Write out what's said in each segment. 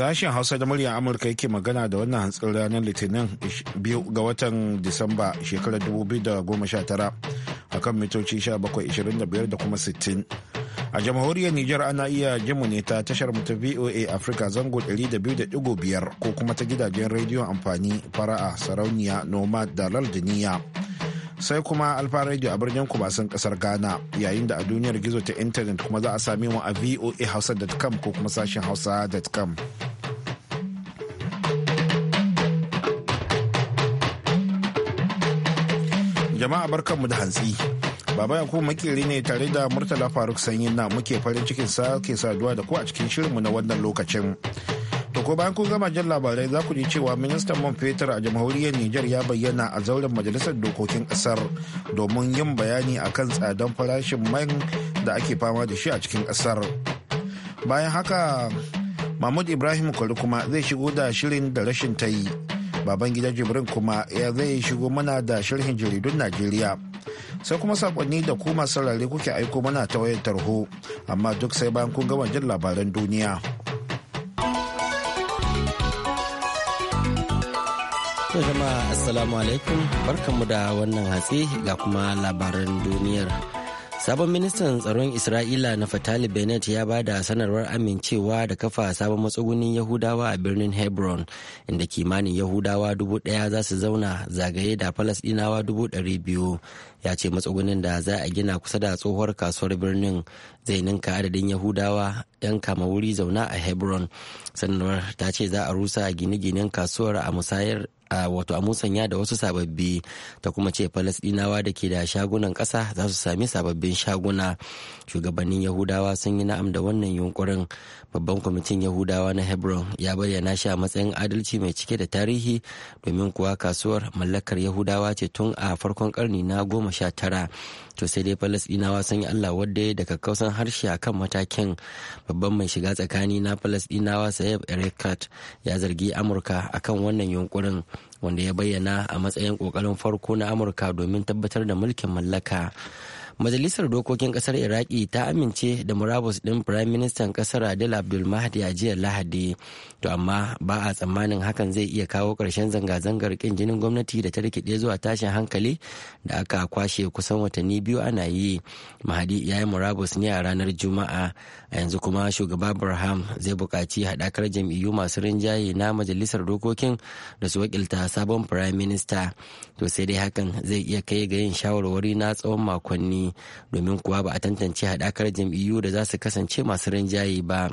Sashen Hausa da muryar Amurka yake magana da wannan hantsin ranar Litinin ga watan Disamba shekarar 2019 a kan mitoci 1725 da kuma 60. A jamhuriyar Nijar ana iya jimu ne ta tashar mu ta VOA Africa zango 200.5 ko kuma ta gidajen rediyon amfani fara'a sarauniya nomad da laldiniya. sai kuma alfa radio a birnin basan kasar ghana yayin da a duniyar gizo ta intanet kuma za a sami mu a voa voahausa.com ko kuma sashen hausa.com jama'a barkanmu da hantsi baba ya kuma makeri ne tare da murtala faruk sanyi na muke farin cikin sake saduwa da ku a cikin shirinmu na wannan lokacin To ko bayan kun gama jan labarai za ku ji cewa ministan man fetur a jamhuriyar Nijar ya bayyana a zauren majalisar dokokin kasar domin yin bayani akan tsadan farashin man da ake fama da shi a cikin kasar. Bayan haka Mahmud Ibrahim Kwari kuma zai shigo da shirin da rashin ta yi. Baban gidan Jibrin kuma ya zai shigo mana da sharhin jaridun Najeriya. Sai kuma sakonni da kuma sarari kuke aiko mana ta wayar tarho, amma duk sai bayan kun gama jin labaran duniya. To jama'a assalamu alaikum barkanmu da wannan hatsi ga kuma labaran duniyar. Sabon ministan tsaron Isra'ila na Fatali Bennett ya ba da sanarwar amincewa da kafa sabon matsugunin Yahudawa a birnin Hebron inda kimanin Yahudawa dubu ɗaya za su zauna zagaye da Falasɗinawa dubu ɗari biyu. Ya ce matsugunin da za a gina kusa da tsohuwar kasuwar birnin zai ninka adadin Yahudawa 'yan kama wuri zauna a Hebron. Sanarwar ta ce za a rusa gine-ginen kasuwar a musayar wato a musanya da wasu sababbi ta kuma ce falasdinawa da ke da shagunan ƙasa za su sami sababbin shaguna shugabannin yahudawa sun yi na'am da wannan yunkurin babban kwamitin yahudawa na hebron ya bayyana shi a matsayin adalci mai cike da tarihi domin kuwa kasuwar mallakar yahudawa ce tun a farkon karni na goma sha tara to sai dai falasɗinawa sun yi allah wadda daga kausan harshe a kan matakin babban mai shiga tsakani na falasɗinawa sayeb erekat ya zargi amurka a kan wannan yunkurin wanda ya bayyana a matsayin ƙoƙarin farko na amurka domin tabbatar da mulkin mallaka Majalisar Dokokin Kasar Iraki ta amince da murabus ɗin Firayim Ministan Kasar Adil Abdul Mahdi a jiya Lahadi, to amma ba a tsammanin hakan zai iya kawo karshen zanga-zangar kin jinin gwamnati da ta rikide zuwa tashin hankali da aka kwashe kusan watanni biyu ana yi. Mahdi ya yi murabus ne a ranar Juma'a, a yanzu kuma shugaba abraham zai buƙaci haɗakar jam'iyyu masu rinjaye na Majalisar Dokokin da su wakilta sabon Firayim Minista. To sai dai hakan zai iya kai ga yin shawarwari na tsawon makonni. domin kuwa ba a tantance haɗakar jam'iyyu da za su kasance masu rinjaye ba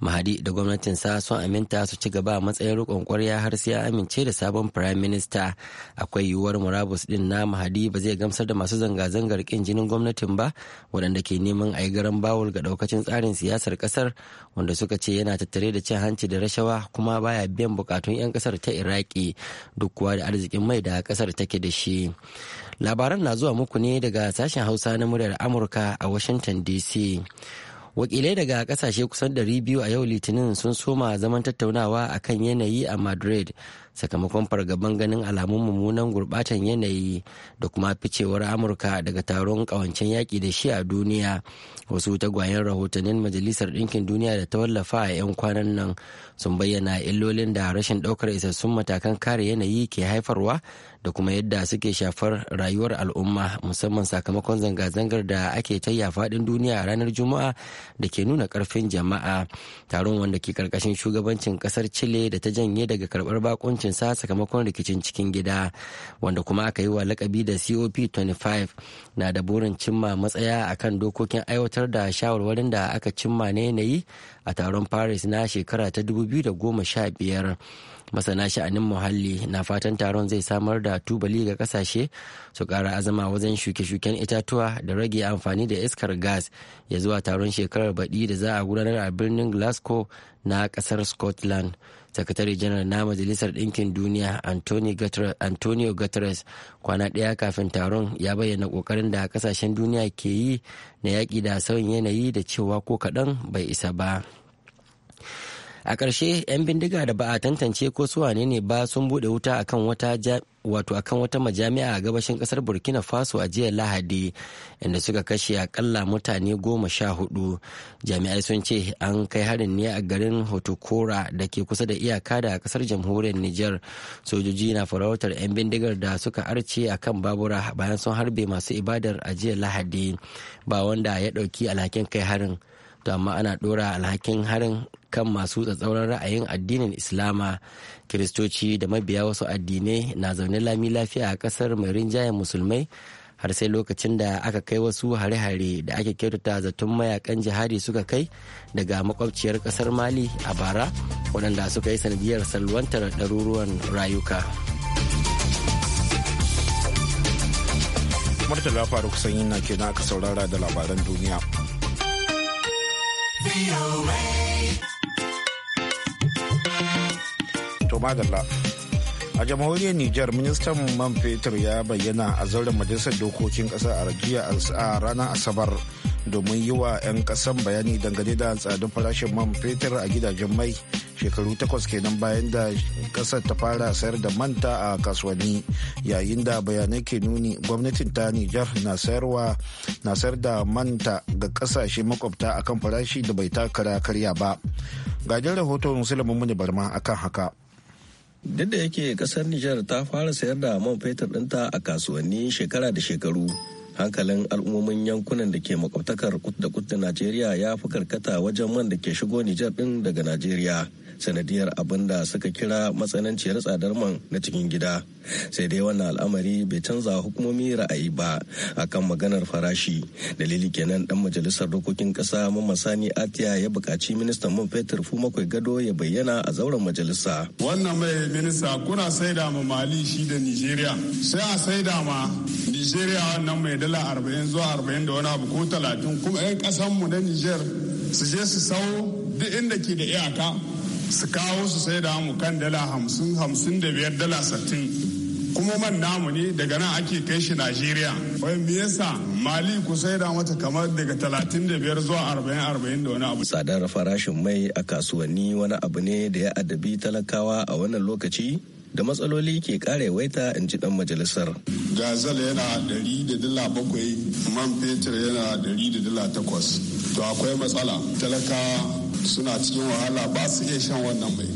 mahadi da gwamnatin gwamnatinsa sun aminta su ci gaba a matsayin rikon kwarya har sai ya amince da sabon prime minister akwai yiwuwar murabus din na mahadi ba zai gamsar da masu zanga-zangar kin jinin gwamnatin ba waɗanda ke neman a yi garan bawul ga ɗaukacin tsarin siyasar ƙasar wanda suka ce yana tattare da cin hanci da rashawa kuma baya biyan bukatun 'yan ƙasar ta iraki duk kuwa da arzikin mai da ƙasar take da shi labaran na zuwa muku ne daga sashen hausa na muryar amurka a washington dc wakilai daga kasashe kusan 200 a yau litinin sun soma zaman tattaunawa a kan yanayi a madrid sakamakon fargaban ganin alamun mummunan gurbatan yanayi da kuma ficewar amurka daga taron kawancen yaƙi da shi a duniya wasu tagwayen rahotannin majalisar ɗinkin duniya da ta wallafa a 'yan kwanan nan sun bayyana illolin da rashin ɗaukar isassun matakan kare yanayi ke haifarwa da kuma yadda suke shafar rayuwar al'umma musamman sakamakon zanga-zangar da ake ta faɗin duniya a ranar juma'a da ke nuna ƙarfin jama'a taron wanda ke ƙarƙashin shugabancin ƙasar chile da ta janye daga karɓar bakuncin sa sakamakon rikicin cikin gida wanda kuma aka yi wa lakabi da cop 25 na da burin cimma matsaya akan dokokin aiwatar da shawarwarin da aka cimma na yanayi a taron paris na shekara ta 2015 masana sha'anin muhalli na fatan taron zai samar da tubali ga kasashe su kara azama wajen shuke-shuken itatuwa da rage amfani da iskar gas ya zuwa taron shekarar baɗi da za a gudanar a birnin glasgow na ƙasar scotland sakatare janar na majalisar ɗinkin duniya antonio guterres kwana ɗaya kafin taron ya bayyana ƙoƙarin da ƙasashen duniya ke yi na yaƙi da sauyin yanayi da cewa ko kaɗan bai isa ba a ƙarshe 'yan bindiga da ba a tantance ko su wane ne ba sun bude wuta akan wata wato akan wata majami'a a gabashin kasar burkina faso a jiya lahadi inda suka kashe akalla mutane goma sha hudu jami'ai sun ce an kai harin ne a garin hotokora da ke kusa da iyaka da kasar jamhuriyar niger sojoji na farautar 'yan bindigar da suka arce akan babura bayan sun harbe masu ibadar a jiya lahadi ba wanda ya dauki alhakin kai harin to amma ana ɗora alhakin harin kan masu tsatsauran ra'ayin addinin islama kiristoci da mabiya wasu addinai na zaune lami lafiya a kasar mai rinjayen musulmai har sai lokacin da aka kai wasu hare-hare da ake kyautata zaton mayakan jihadi suka kai daga makwabciyar kasar mali a bara waɗanda suka yi sanadiyar salwantar ɗaruruwan rayuka murtala faruk sanyi na na aka saurara da labaran duniya To madalla. A jamhuriyar Nijar ministan man fetur ya bayyana a zauren majalisar dokokin kasa a rajiya a ranar Asabar domin yi wa 'yan kasan bayani dangane da tsadin farashin man fetur a gidajen mai shekaru takwas kenan bayan da kasar ta fara sayar da manta a kasuwanni yayin da bayanai ke nuni gwamnatin ta nijar na sayarwa na sayar da manta ga kasashe makwabta akan farashi da bai takara karya ba gajin rahoton Musulman muni barma akan haka duk da yake kasar Nijar ta fara sayar da man fetur ɗinta a kasuwanni shekara da shekaru hankalin al'ummomin yankunan da ke makwabtakar kut da kut Najeriya ya fi karkata wajen man da ke shigo Nijar ɗin daga Najeriya sanadiyar abin da suka kira matsananciyar tsadar man na cikin gida sai dai wannan al'amari bai canza hukumomi ra'ayi ba akan maganar farashi dalili kenan dan majalisar dokokin kasa sani atiya ya bukaci ministan man fetur makwai gado ya bayyana a zauren majalisa wannan mai minista kuna saida ma mali shi da nigeria sai a saida ma nigeria wannan mai dala arba'in zuwa arba'in da wani abu ko talatin kuma 'yan kasanmu na niger su je su sau duk inda ke da iyaka su kawo su sai da mu kan dala hamsin hamsin da biyar dala sittin kuma man namu ne daga nan ake kai shi najeriya wai me yasa mali ku sai da mata kamar daga talatin da biyar zuwa arba'in arba'in da wani abu tsadar farashin mai a kasuwanni wani abu ne da ya adabi talakawa a wannan lokaci da matsaloli ke kare waita in ji dan majalisar. Gazal yana ɗari da dala bakwai, man fetur yana ɗari da dala takwas. To akwai matsala, talaka suna cikin wahala ba su iya shan wannan mai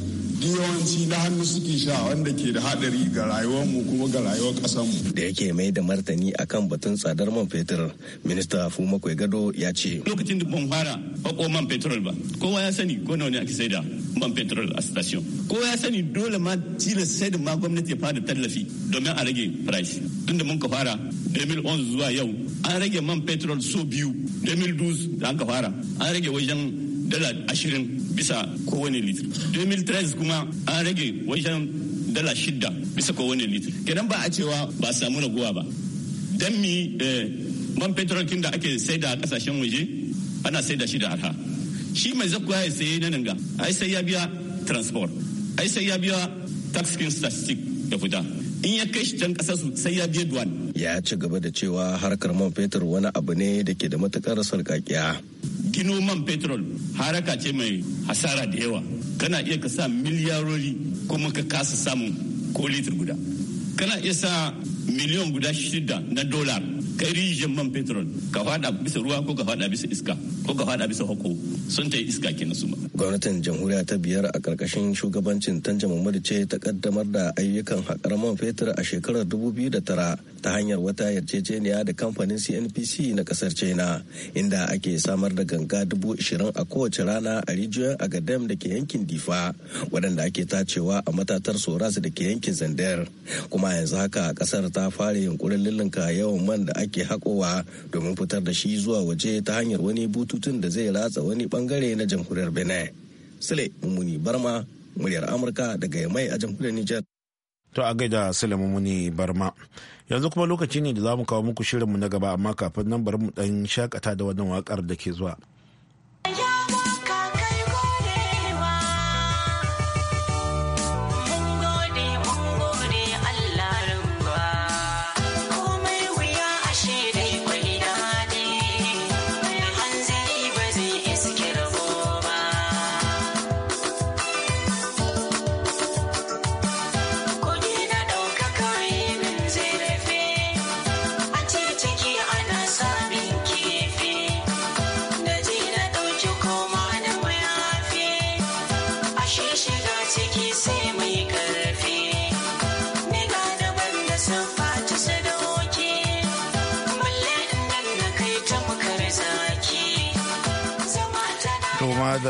yawanci na hannu suke sha wanda ke da hadari ga mu kuma ga rayuwar mu. da yake mai da martani akan batun tsadar man fetur minista fuma gado ya ce lokacin da ban fara bako man fetur ba kowa ya sani ko nawa ne ake saida man fetur a station kowa ya sani dole ma tilas saida ma gwamnati ya fara tallafi domin a rage price tunda mun ka fara 2011 zuwa yau an rage man fetur so biyu 2012 da an ka fara an rage wajen dala ashirin bisa kowane litri 2013 kuma an rage wajen dala shida bisa kowane litri kenan ba a cewa ba samu raguwa ba don mi eh, man petrol kin da ake saida da kasashen waje ana saida shi da arha shi mai zakuwa ya saye na nanga ai sai ya biya transport ai sai ya biya tax kin statistic da fita in ya kai shi can kasar su sai ya biya duwan ya ci gaba da cewa harkar man fetur wani abu ne da ke da matukar sarkakiya gino man fetur haraka ce mai hasara da yawa kana iya ka sa miliyarori kuma ka kasa samun ko litir guda kana iya sa miliyan guda shida na dolar kai rijiyar man petrol ka fada bisa ruwa ko ka fada bisa iska ko ka fada bisa hako sun ta yi iska kenan su gwamnatin jamhuriya ta biyar a karkashin shugabancin tanja mamadu ce ta kaddamar da ayyukan haƙar man fetur a shekarar 2009 ta hanyar wata yarjejeniya da kamfanin cnpc na kasar china inda ake samar da ganga dubu ashirin a kowace rana a rijiyar agadem da ke yankin difa waɗanda ake tacewa a matatar soras da ke yankin zandar kuma yanzu haka kasar ta fara yunkurin lullunka yawan man da ake haƙowa domin fitar da shi zuwa waje ta hanyar wani bututun da zai ratsa wani bangare na jamhuriyar benin sule mummuni barma muryar amurka daga mai a jamhuriyar niger to a gaida salamu mummuni barma yanzu kuma lokaci ne da za mu kawo muku shirinmu na gaba amma kafin nan bari mu dan shakata da wannan wakar da ke zuwa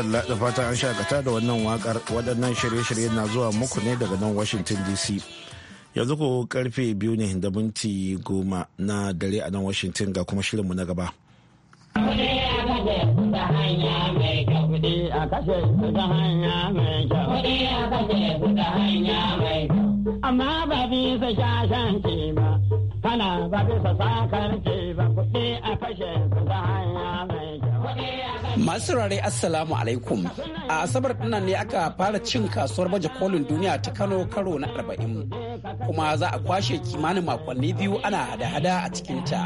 madalla da fata an shakata da wannan wakar waɗannan shirye-shirye na zuwa muku ne daga nan washington dc yanzu ko karfe biyu ne da minti goma na dare a nan washington ga kuma shirinmu na gaba amma ba bisa shashan ke ba kana ba bisa sakar ke ba kuɗi a kashe su ta hanya mai kyau Masu rare Assalamu alaikum. A Asabar dinnan ne aka fara cin kasuwar baje kolin duniya ta Kano karo na arba'in. Kuma za a kwashe kimanin makonni biyu ana hada-hada a cikinta.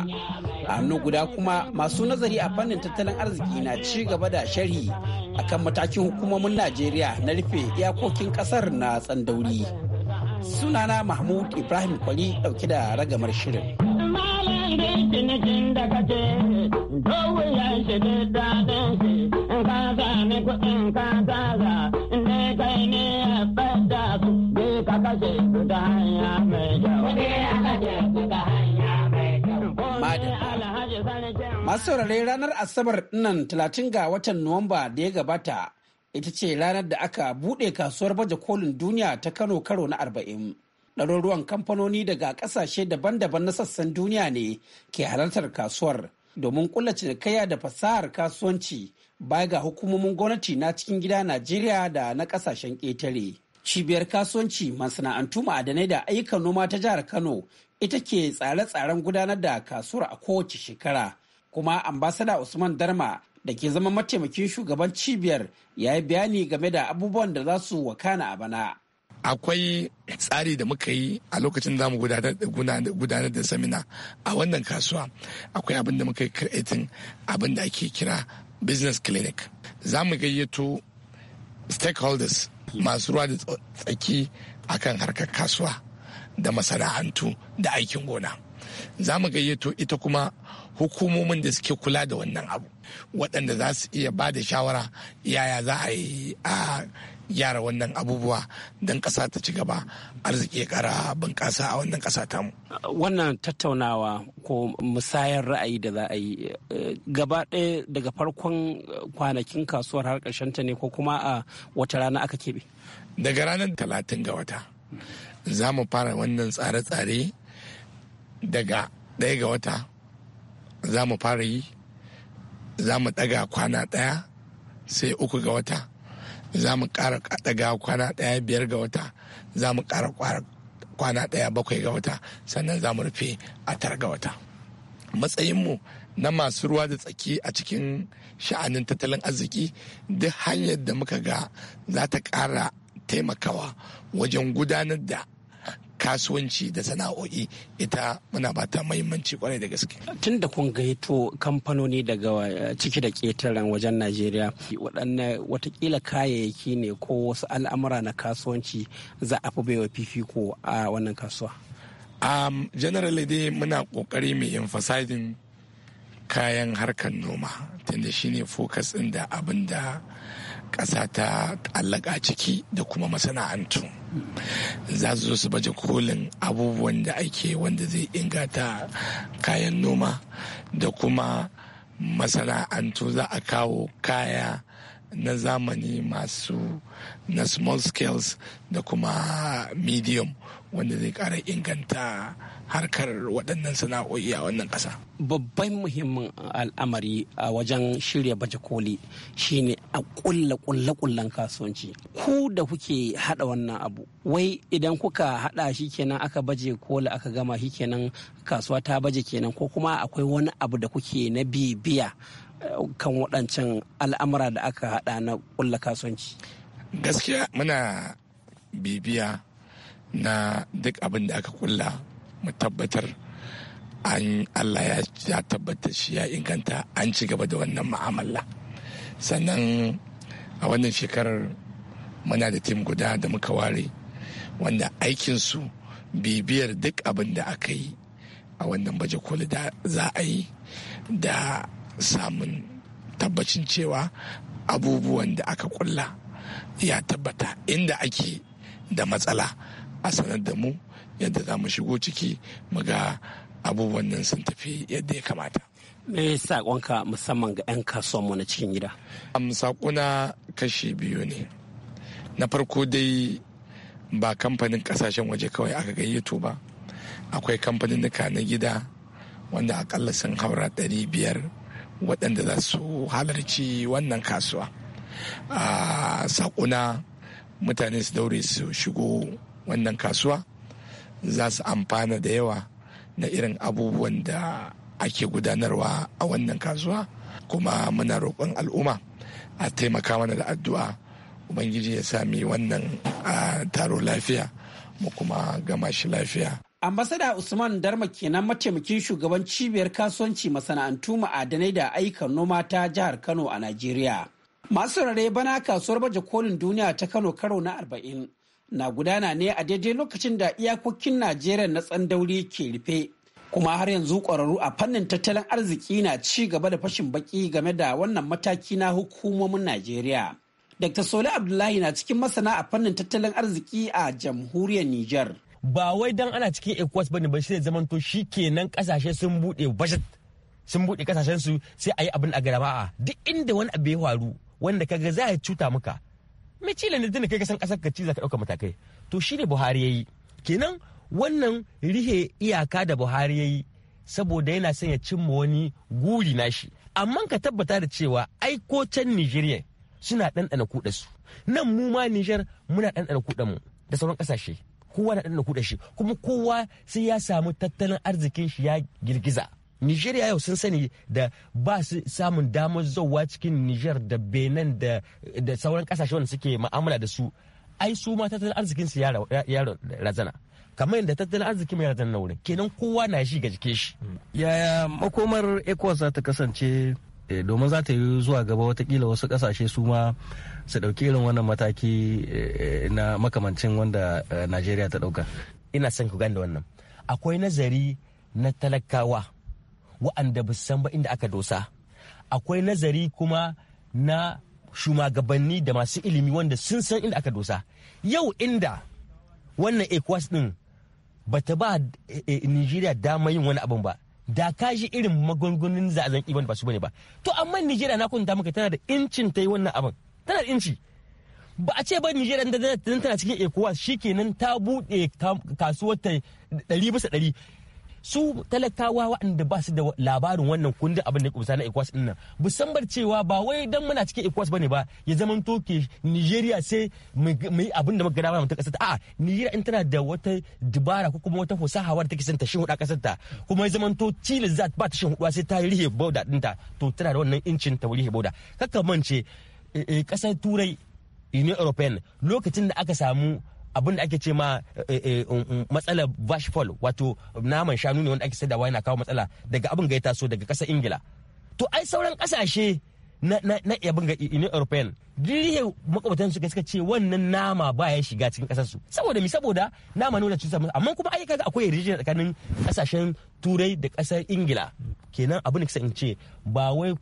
A hannu guda kuma masu nazari a fannin tattalin arziki na ci gaba da sharhi akan matakin hukumomin Najeriya na rufe iyakokin kasar na tsandauri. Sunana Mahmud Ibrahim Kwali dauke da ragamar shirin. ka gaza kai ne ya fada su ne ka kashe su da hanya mai Masu saurare ranar Asabar nan 30 ga watan Nuwamba da ya gabata ita ce ranar da aka buɗe kasuwar baje kolin duniya ta Kano karo na arba'in. ɗaruruwan kamfanoni daga ƙasashe daban-daban na sassan duniya ne ke halartar kasuwar domin kula cinikayya da fasahar kasuwanci baya ga hukumomin gwamnati na cikin gida Najeriya da na kasashen ƙetare. Cibiyar kasuwanci masana'antu ma'adanai da ayyukan noma ta jihar Kano ita ke tsare-tsaren gudanar da kasuwar a kowace shekara. Kuma ambasada Usman Darma da ke zama mataimakin shugaban cibiyar ya yi bayani game da abubuwan da za su wakana a bana. akwai tsari da muka yi a lokacin zamu gudanar da samina a wannan kasuwa akwai abin da muka yi abin da ake kira business clinic za mu gayyato stakeholders masu ruwa da tsaki akan harkar kasuwa da masana'antu da aikin gona za mu gayyato ita kuma hukumomin da suke kula da wannan abu waɗanda za su iya ba da shawara yaya za a yi a gyara wannan abubuwa don ƙasa ta ci gaba arziki ya ƙara bunƙasa a wannan ƙasa tamu. Wannan tattaunawa ko musayar ra'ayi da za a yi eh, gaba ɗaya daga farkon kwanakin kasuwar har ƙarshen ta ne ko kuma a wata rana aka keɓe? Daga ranar talatin ga wata za mu fara wannan tsare-tsare daga ɗaya ga wata za mu fara yi za mu ɗaga kwana ɗaya sai uku ga wata za mu ƙara ɗaga kwana ɗaya biyar ga wata za mu ƙara kwana ɗaya bakwai ga wata sannan za mu rufe a tara ga wata matsayinmu na masu ruwa da tsaki a cikin sha'anin tattalin arziki duk hanyar da muka ga za ta ƙara taimakawa wajen gudanar da kasuwanci da sana'o'i ita muna ba ta muhimmanci kwarai da gaske. Tun da kun gaito kamfanoni daga eh, ciki da ƙetaren wajen Najeriya waɗanne watakila kayayyaki ne ko wasu al'amura na kasuwanci za a fi baiwa fifiko a wannan kasuwa. Um, generally dai muna ƙoƙari mai emphasizing kayan harkar noma tunda shine focus ɗin da abin da ƙasa ta allaka ciki da kuma masana'antu. za su zo su baje kolin abubuwan da ake wanda zai ingata kayan noma da kuma masana'antu za a kawo kaya na zamani masu na small scales da kuma medium wanda zai kara inganta harkar waɗannan sana'o'i a wannan ƙasa. Babban muhimmin al'amari a wajen shirya baje koli shine a kulla kulle kullen kasuwanci. Ku da kuke haɗa wannan abu, wai idan kuka haɗa shi kenan aka baje koli aka gama shi kenan kasuwa ta baje kenan ko kuma akwai wani abu da kuke na bibiya kan waɗancan al'amura da aka haɗa na ƙulla kasuwanci gaskiya muna bibiya na duk abin da aka kulla mu tabbatar an allah ya tabbatar shi ya inganta an ci gaba da wannan ma'amala sannan a wannan shekarar muna da tim guda da muka ware wanda aikinsu bibiyar duk abin da aka yi a wannan baje koli da za a yi da samun tabbacin cewa abubuwan da aka kulla ya tabbata inda ake da matsala a sanar da mu yadda za mu shigo ciki mu ga abubuwan nan sun tafi yadda ya kamata me saƙonka musamman ga 'yan mu na cikin gida saƙona kashi biyu ne na farko dai ba kamfanin ƙasashen waje kawai aka gayyato ba akwai kamfanin na gida wanda akalla sun haura ɗari biyar. waɗanda za su halarci wannan kasuwa a sakuna mutane su daure su shigo wannan kasuwa za su amfana da yawa na irin abubuwan da ake gudanarwa a wannan kasuwa kuma muna roƙon al'umma a taimaka mana da addu'a ubangiji ya sami wannan taro lafiya mu kuma gama shi lafiya Ambasada Usman Darma kenan mataimakin shugaban cibiyar kasuwanci masana'antu ma'adanai da ayyukan noma ta jihar Kano a Najeriya. Masu rare bana kasuwar baje kolin duniya ta Kano karo na arba'in na gudana ne a daidai lokacin da iyakokin Najeriya na tsandauri ke rufe. Kuma har yanzu ƙwararru a fannin tattalin arziki na ci gaba da fashin baki game da wannan mataki na hukumomin Najeriya. Dr. Sole Abdullahi na cikin masana a fannin tattalin arziki a jamhuriyar Nijar. ba wai dan ana cikin ecowas ne ba shi zaman zamanto shi kenan kasashe sun bude budget sun bude kasashen su sai a yi abin a garama duk inda wani abu ya faru wanda kaga za a cuta maka mai cile ne tunda kai ka san kasar ka ci za ka dauka matakai to shi ne buhari yayi kenan wannan rihe iyaka da buhari yayi saboda yana son ya cimma wani guri nashi amma ka tabbata da cewa aiko can nigeria suna ɗanɗana kuɗa su nan mu ma niger muna ɗanɗana kuɗa mu da sauran kasashe. kowa na ɗanɗana kuɗa shi kuma kowa sai ya samu tattalin arzikin shi ya girgiza Nigeria yau sun sani da ba su samun damar zauwa cikin Niger da Benin da sauran kasashe wanda suke ma'amala da su ai su ma tattalin arzikin su ya razana kamar yadda tattalin arzikin mai razana na wurin kenan kowa na shi ga jikin shi yaya makomar ECOWAS za ta kasance Eh, domin za ta yi zuwa gaba watakila wasu kasashe su ma su ɗauki irin wannan mataki eh, na makamancin wanda eh, najeriya ta ɗauka ina son ku ganda wannan akwai nazari na talakawa wa'anda ba san ba inda aka dosa akwai nazari kuma na shugabanni da masu ilimi wanda sun san inda aka dosa yau inda wannan ecowas din ba ta ba nigeria dama yin wani abin ba da kashi irin magungunan zazan iban ba su bane ba to amma Nigeria na kunta maka tana da incin ta yi wannan abin tana da inci ba a ce ba Nigeria da tana cikin ECOWAS shikenan ta buɗe kasuwar ta ɗari bisa ɗari su talakawa waɗanda ba su da labarin wannan kundin abin da kusa na ecowas ɗin nan bar cewa ba wai dan muna cikin ecowas bane ba ya zaman toke nigeria sai mu yi abin da muka gada ta kasar ta a'a nigeria in tana da wata dubara ko kuma wata fasaha wadda take son ta shin huda kasar ta kuma ya zamanto to chile za ba ta shin huda sai ta rihe bauda ta to tana da wannan incin ta rihe bauda kakka mance kasar eh, eh, turai union european lokacin da aka samu abin da ake ce ma eh, eh, eh, um, um, matsalar vashfall wato naman shanu ne wanda ake saidawa yana kawo matsala daga abin ga ya taso daga ƙasar ingila to ai sauran ƙasashe na abin ga union european dirihe makwabtan su suka ce wannan nama ba ya shiga cikin ƙasarsu saboda mi saboda nama ne wanda cuta amma kuma ai kaga akwai region tsakanin ƙasashen turai da kasar ingila kenan abin da in ce ba wai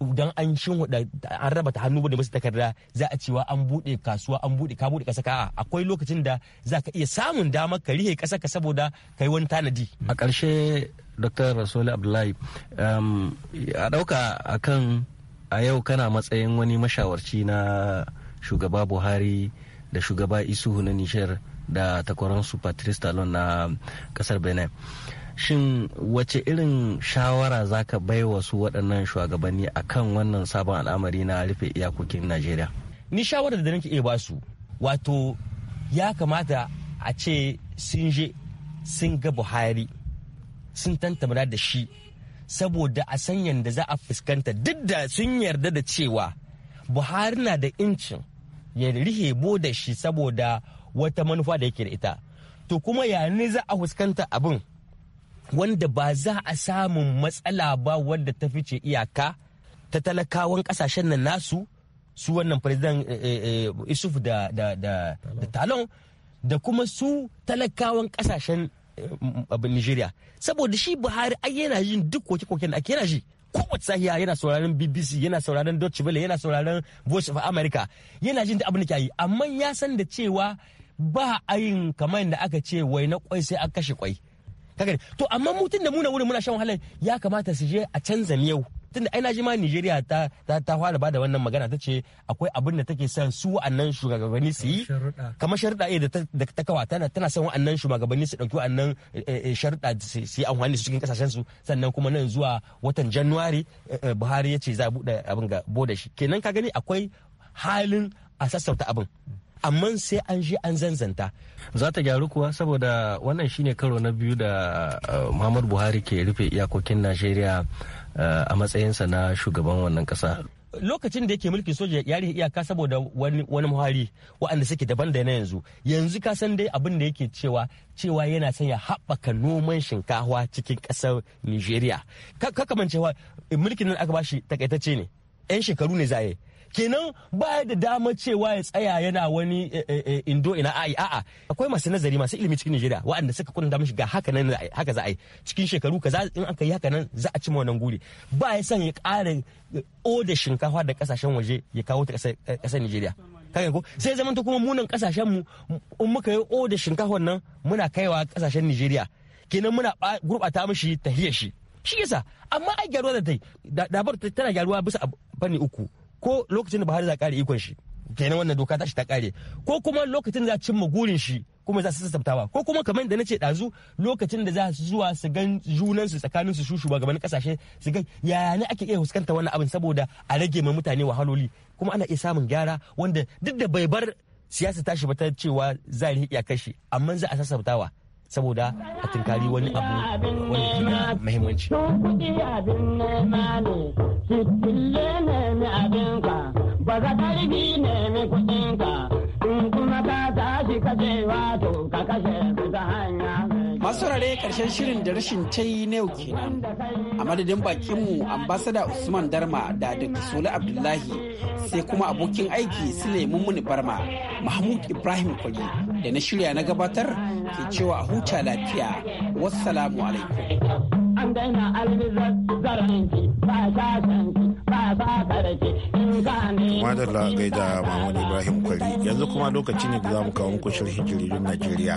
dan an shinhuda an raba ta hannu da masu takarda za a cewa an bude kasuwa an bude ka bude kasa ka'a akwai lokacin da za ka iya samun damar ka rihe kasa ka saboda kai wani tanadi a ƙarshe dr rasulu abdullahi um, a ɗauka a kan a yau kana matsayin wani mashawarci na shugaba buhari da shugaba isuhu na nishar da takwaransu patrice talon na kasar benin shin wace irin shawara za ka bai wasu waɗannan shugabanni a kan wannan sabon al'amari na rufe iyakokin najeriya ni shawara da nake iya basu wato ya kamata a ce sun je sun ga buhari sun tantamara da shi saboda a san yadda za a fuskanta duk da sun yarda da cewa buhari na da incin ya rihe da shi saboda wata manufa da yake da ita to kuma ya ne za a fuskanta abin wanda ba za a samun matsala ba wanda ta fice iyaka ta talakawan kasashen nan nasu su wannan president eh, eh, eh, isuf da talon da kuma su talakawan kasashen nigeria saboda shi buhari ai yana yin duk koke koke da ake yana shi kowace sahiya yana sauraron bbc yana sauraron deutsche welle yana sauraron voice of america yana jin da abin da yi amma ya san da cewa ba a yin kamar da aka ce wai na kwai sai an kashe kwai kaga to amma mu tun da muna wurin muna shan wahalar ya kamata su je a canza yau tun da aina ma Nigeria ta ta ta fara bada wannan magana ta ce akwai abin da take son su wa'annan shugabanni su yi kamar sharuɗa eh, da ta kawa tana tana son wa'annan shugabanni su ɗauki wa'annan eh, eh, sharuɗa su yi amfani su cikin kasashen su sannan kuma nan zuwa watan january Buhari ya ce za a buɗe abin ga boda shi kenan ka gani akwai halin a sassauta abin amma sai an je an zanzanta za ta gyaru kuwa saboda wannan shine karo na biyu da uh, muhammadu buhari ke rufe iyakokin najeriya uh, a matsayinsa na shugaban wannan kasa lokacin da yake mulkin soja ya rufe iyaka saboda wani wani muhari waɗanda suke daban da na yanzu yanzu ka san dai abin da yake cewa cewa yana son ya haɓaka noman shinkawa cikin ƙasar nigeria kakamancewa mulkin nan aka bashi takaitacce ne 'yan shekaru ne za a yi kenan ba da dama cewa ya tsaya yana wani eh, eh, eh, indo ina a'i a'a akwai masu nazari masu ilimi cikin Nijeriya waɗanda suka kunta mishi ga haka nan haka za a yi cikin shekaru kaza in aka yi haka nan za a cimma wannan guri ba ya san ya ƙara oda shinkafa da kasashen waje ya kawo ta ƙasar Nijeriya kaga ko sai zaman ta kuma munan kasashen mu in muka yi oda shinkafa nan muna kaiwa kasashen Nijeriya kenan muna gurɓata mishi tahiyar shi shi yasa amma ai gyaruwa da ta yi dabar tana gyaruwa bisa fanni uku ko lokacin da Buhari za kare ikon shi kenan wannan doka ta shi ta kare ko kuma lokacin za za cimma gurin shi kuma za su sassabtawa ko kuma kamar da nace dazu lokacin da za su zuwa su gan junan su tsakanin su shugabannin kasashe su ga yaya ne ake iya fuskanta wannan abin saboda a rage ma mutane wahaloli kuma ana iya samun gyara wanda duk da bai bar siyasa tashi ba ta cewa za a iyakar shi amma za a sassabtawa saboda a tunkari wani abu wani ke da mahimmanci. Ba za ne nemi kuɗinka, in kuma ka tashi kashe wato ka kashe ta hanya. masu rare karshen shirin da rashin yi na yau kenan a madadin bakinmu ambasada usman darma da dr sule abdullahi sai kuma abokin aiki sule mummuni barma mahmud ibrahim kwali da na shirya na gabatar ke cewa a huta lafiya wassalamu alaikum an daina Madalla gaida Mahmud Ibrahim Kwari yanzu kuma lokaci ne da za mu kawo muku shirin jirgin Najeriya.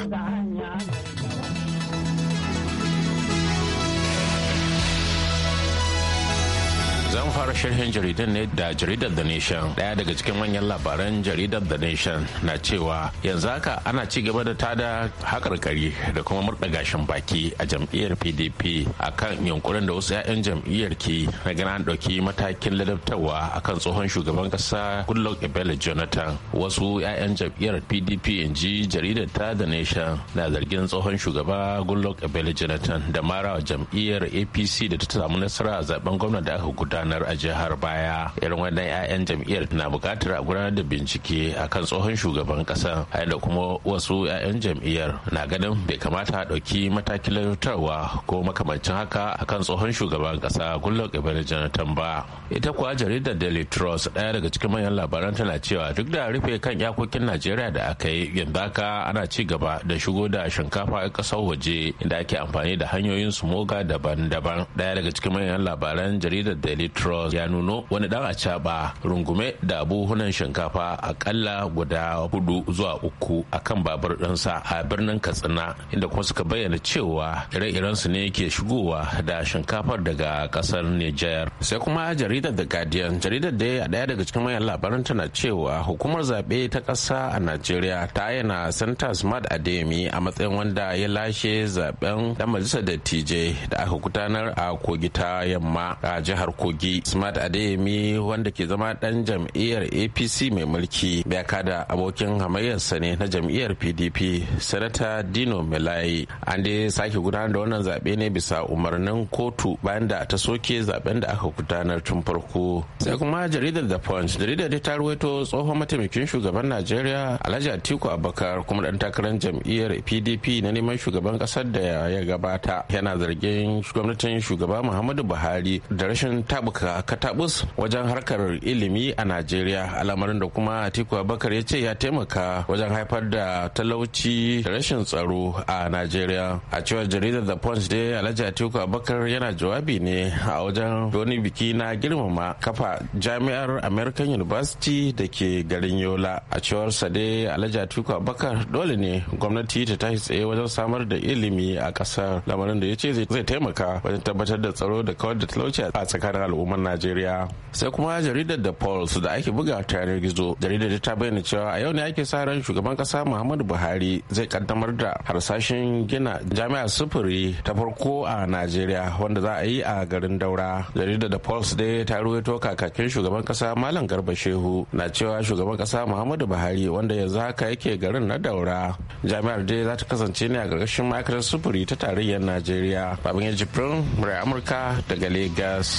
fara sharhin jaridan ne da jaridar The Nation. Daya daga cikin manyan labaran jaridar The Nation na cewa yanzu haka ana ci gaba da tada hakarkari da kuma murɗa gashin baki a jam'iyyar PDP akan yunkurin da wasu 'ya'yan jam'iyyar ki na gana an ɗauki matakin ladabtarwa akan tsohon shugaban kasa Goodluck Ebele Jonathan. Wasu 'ya'yan jam'iyyar PDP in ji jaridar ta The Nation na zargin tsohon shugaba Goodluck Ebele Jonathan da mara jam'iyyar APC da ta samu nasara a zaben gwamna da aka gudanar gudanar a jihar baya irin wannan 'ya'yan jam'iyyar na bukatar a gudanar da bincike a kan tsohon shugaban ƙasa har da kuma wasu 'ya'yan jam'iyyar na ganin bai kamata a ɗauki matakin lantarwa ko makamancin haka a kan tsohon shugaban ƙasa gullo ibrahim jonathan ba ita kuwa jaridar daily trust ɗaya daga cikin manyan labaran tana cewa duk da rufe kan iyakokin najeriya da aka yi yanzu ana ci gaba da shigo da shinkafa a ƙasar waje inda ake amfani da hanyoyin su moga daban-daban ɗaya daga cikin manyan labaran jaridar daily trust cross ya nuno wani dan acaba rungume da buhunan shinkafa akalla guda hudu zuwa uku akan babur ɗinsa a birnin katsina inda kuma suka bayyana cewa ire-iren su ne ke shigowa da shinkafar daga ƙasar niger sai kuma jaridar the guardian jaridar da a daya daga cikin manyan labaran tana cewa hukumar zaɓe ta ƙasa a najeriya ta yana santa smart ademi a matsayin wanda ya lashe zaben dan majalisar dattijai da aka gudanar a kogi ta yamma a jihar kogi smart adeyemi wanda ke zama dan jam'iyyar apc mai mulki bai kada abokin hamayyarsa ne na jam'iyyar pdp sanata dino melaye an dai sake gudanar da wannan zaɓe ne bisa umarnin kotu bayan da ta soke zaben da aka gudanar tun farko sai kuma jaridar the punch jaridar ta ruwaito tsohon mataimakin shugaban najeriya alhaji atiku abubakar kuma dan takarar jam'iyyar pdp na neman shugaban kasar da ya gabata yana zargin gwamnatin shugaba muhammadu buhari da rashin tabuka katabus wajen harkar ilimi a najeriya al'amarin da kuma atiku abakar ya ce ya taimaka wajen haifar da talauci da rashin tsaro a najeriya a cewar jaridar the punch dai alhaji atiku abakar yana jawabi ne a wajen wani biki na girmama kafa jami'ar american university da ke garin yola a cewar dai alhaji atiku abakar dole ne gwamnati ta tashi tsaye wajen samar da ilimi a kasar lamarin da ya ce zai taimaka wajen tabbatar da tsaro da kawar da talauci a tsakanin al'ummar najeriya sai kuma jaridar da pulse da ake buga ta yanar gizo jaridar ta bayyana cewa a yau ne ake sa ran shugaban kasa muhammadu buhari zai kaddamar da harsashin gina jami'ar sufuri ta farko a najeriya wanda za a yi a garin daura jaridar da pulse dai ta ruwaito kakakin shugaban kasa malam garba shehu na cewa shugaban kasa muhammadu buhari wanda yanzu haka yake garin na daura jami'ar dai za ta kasance ne a gargashin ma'aikatar sufuri ta tarayyar najeriya babin ya jibrin amurka daga lagos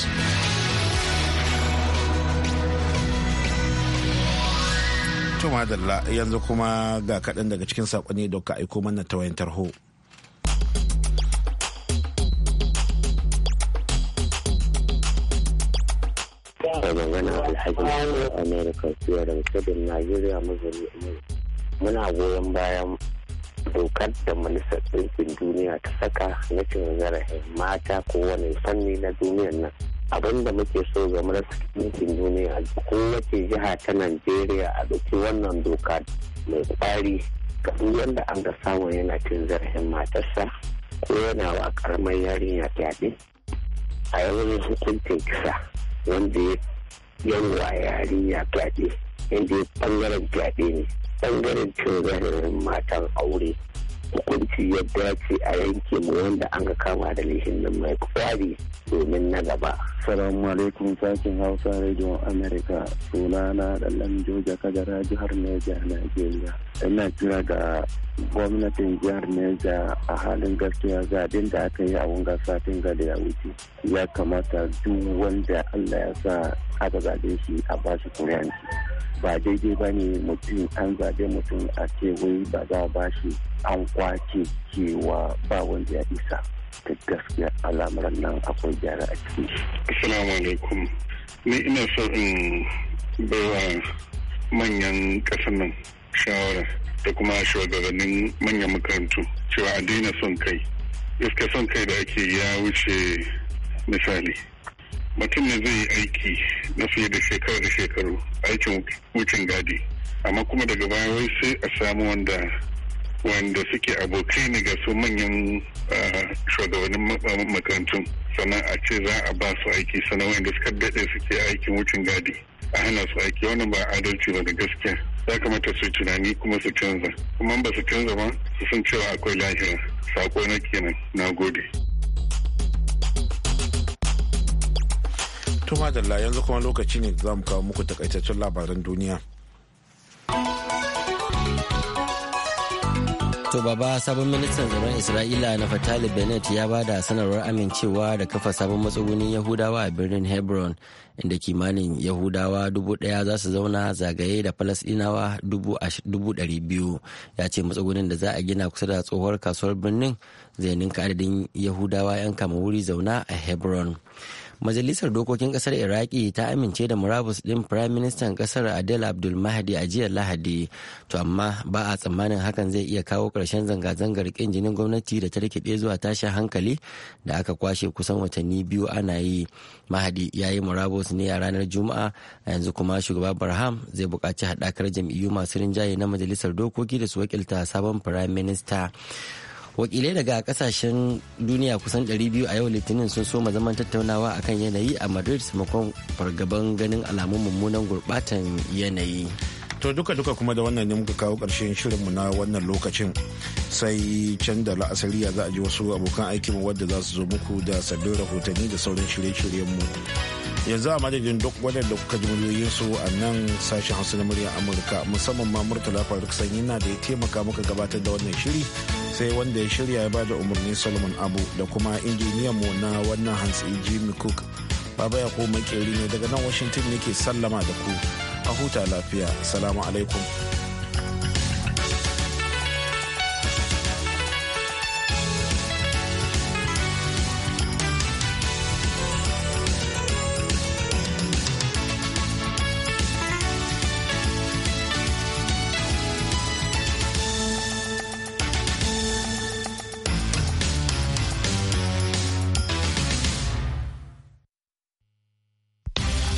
To madalla yanzu kuma ga kaɗan daga cikin saƙonni da ka aiko mana ta wayan tarho. magana Alhaji Amerika suya da kudin Najeriya muna goyon bayan dokar da majalisar Tsinkin duniya ta saka na cin zarafin mata ko wani fanni na duniyar nan. abin da muke so ga mulkin duniya kowace jiha ta najeriya a ɗauki wannan doka mai tsari ga da an ga samun yana cin zarafin matarsa ko yana wa karamar yarinya fyaɗe a yawan hukuncin kisa wanda ya yawa yarinya fyaɗe inda bangaren fyaɗe ne bangaren cin zarafin matan aure hukunci ya dace a yanke mu wanda an ka kama da laifin nan mai kwari domin na gaba. Salamu alaikum sakin Hausa Radio America sunana Dallan Joja Kagara jihar Neja Najeriya. Ina kira ga gwamnatin jihar Neja a halin gaskiya zaɓen da aka yi a wunga satin gada ya wuce. Ya kamata duk wanda Allah ya sa aka zaɓe shi a bashi kuri'anci. ba daidai ba ne mutum an zaɓe mutum a ce wai ba za a bashi an kwace cewa ba wanda ya isa ta gaskiya al'amuran nan akwai gyara a cikin shi. Assalamu alaikum. Ni ina so in baiwa manyan ƙasar nan shawara da kuma shugabannin manyan makarantu cewa a daina son kai. Iska son kai da ake ya wuce misali. mutum ne zai yi aiki na fiye da shekaru da shekaru aikin wucin gadi amma kuma daga baya wai sai a samu wanda wanda suke abokai ne ga su manyan shugabannin makarantun sannan a ce za a ba su aiki sannan wanda suka daɗe suke aikin wucin gadi a hana su aiki wannan ba adalci ba da gaskiya ya kamata su tunani kuma su canza kuma ba su canza ba su san cewa akwai lahira sako na kenan na gode. Tuma da yanzu kuma lokaci ne za mu kawo muku takaitaccen labaran duniya. To baba sabon ministan tsaron Isra'ila na Fatali Bennett ya ba da sanarwar amincewa da kafa sabon matsugunin Yahudawa a birnin Hebron inda kimanin Yahudawa dubu ɗaya za su zauna zagaye da Falasɗinawa dubu ɗari biyu. Ya ce matsugunin da za a gina kusa da tsohuwar kasuwar birnin zai ninka adadin Yahudawa 'yan kama wuri zauna a Hebron. Majalisar Dokokin Kasar Iraki ta amince da murabus ɗin Firayim Ministan Kasar Adel Abdul Mahdi a jiya Lahadi, to amma ba a tsammanin hakan zai iya kawo ƙarshen zanga-zangar ƙin jinin gwamnati da ta rikide zuwa tashin hankali da aka kwashe kusan watanni biyu ana yi. Mahdi ya yi murabus ne a ranar Juma'a, a yanzu kuma shugaba Barham zai buƙaci haɗakar jam'iyyu masu rinjaye na Majalisar Dokoki da su wakilta sabon Firayim Minista. wakilai daga kasashen duniya kusan 200 a yau litinin sun soma zaman tattaunawa akan yanayi a madrid sakamakon fargaban ganin alamun mummunan gurbatan yanayi to duka-duka kuma da wannan ne muka kawo ƙarshen shirinmu na wannan lokacin sai can da la'asariya za a ji wasu abokan aikinmu wadda za su zo muku da sabbin rahotanni da sauran shirye-shiryenmu yanzu a madadin duk waɗanda kuka ji su a nan sashen hausa na muryar amurka musamman ma murtala faruk sanyi na da ya taimaka muka gabatar da wannan shiri sai wanda ya shirya ya bada umarni solomon abu da kuma injiniyan mu na wannan hantsi jimmy cook baba ya ko makeri ne daga nan washington yake sallama da ku a huta lafiya salamu alaikum